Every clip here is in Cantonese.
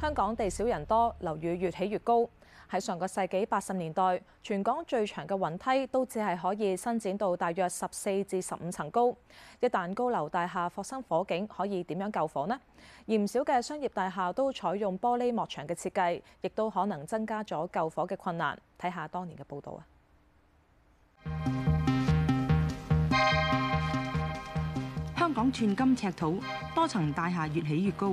香港地少人多，樓宇越起越高。喺上個世紀八十年代，全港最長嘅雲梯都只係可以伸展到大約十四至十五層高。一旦高樓大廈發生火警，可以點樣救火呢？而唔少嘅商業大廈都採用玻璃幕牆嘅設計，亦都可能增加咗救火嘅困難。睇下當年嘅報導啊！香港寸金尺土，多層大廈越起越高。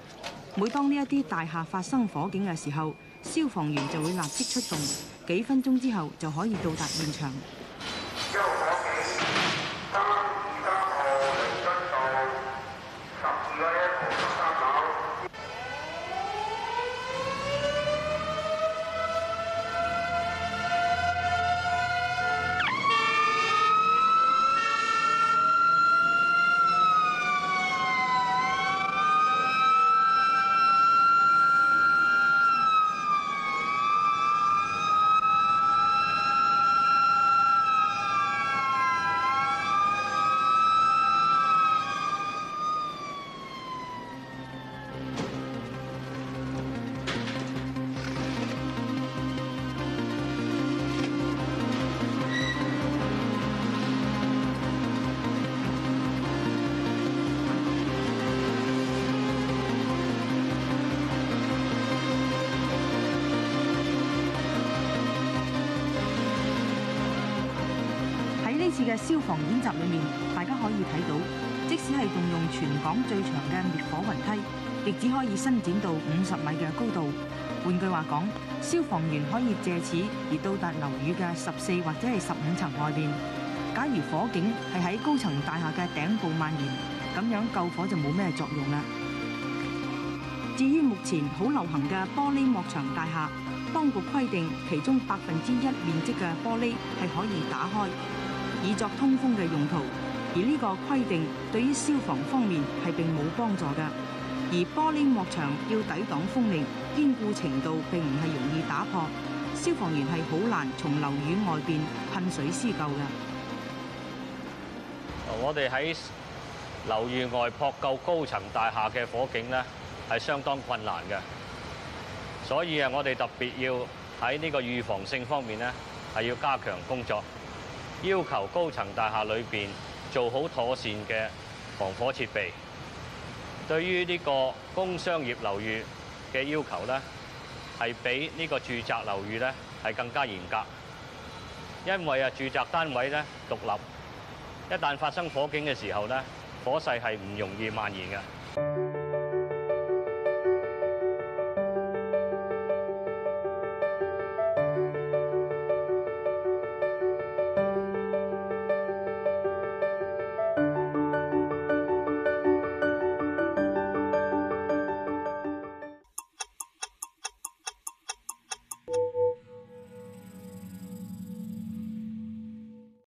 每當呢一啲大廈發生火警嘅時候，消防員就會立即出動，幾分鐘之後就可以到達現場。嘅消防演習裏面，大家可以睇到，即使係動用全港最長嘅滅火雲梯，亦只可以伸展到五十米嘅高度。換句話講，消防員可以借此而到達樓宇嘅十四或者係十五層外面。假如火警係喺高層大廈嘅頂部蔓延，咁樣救火就冇咩作用啦。至於目前好流行嘅玻璃幕牆大廈，當局規定其中百分之一面積嘅玻璃係可以打開，以作通風嘅用途，而呢個規定對於消防方面係並冇幫助嘅。而玻璃幕牆要抵擋風力，堅固程度並唔係容易打破，消防員係好難從樓宇外邊噴水施救嘅。我哋喺樓宇外撲救高層大廈嘅火警咧，係相當困難嘅，所以啊，我哋特別要喺呢個預防性方面咧，係要加強工作。要求高層大廈裏面做好妥善嘅防火設備。對於呢個工商業樓宇嘅要求咧，係比呢個住宅樓宇咧係更加嚴格，因為啊，住宅單位咧獨立，一旦發生火警嘅時候咧，火勢係唔容易蔓延嘅。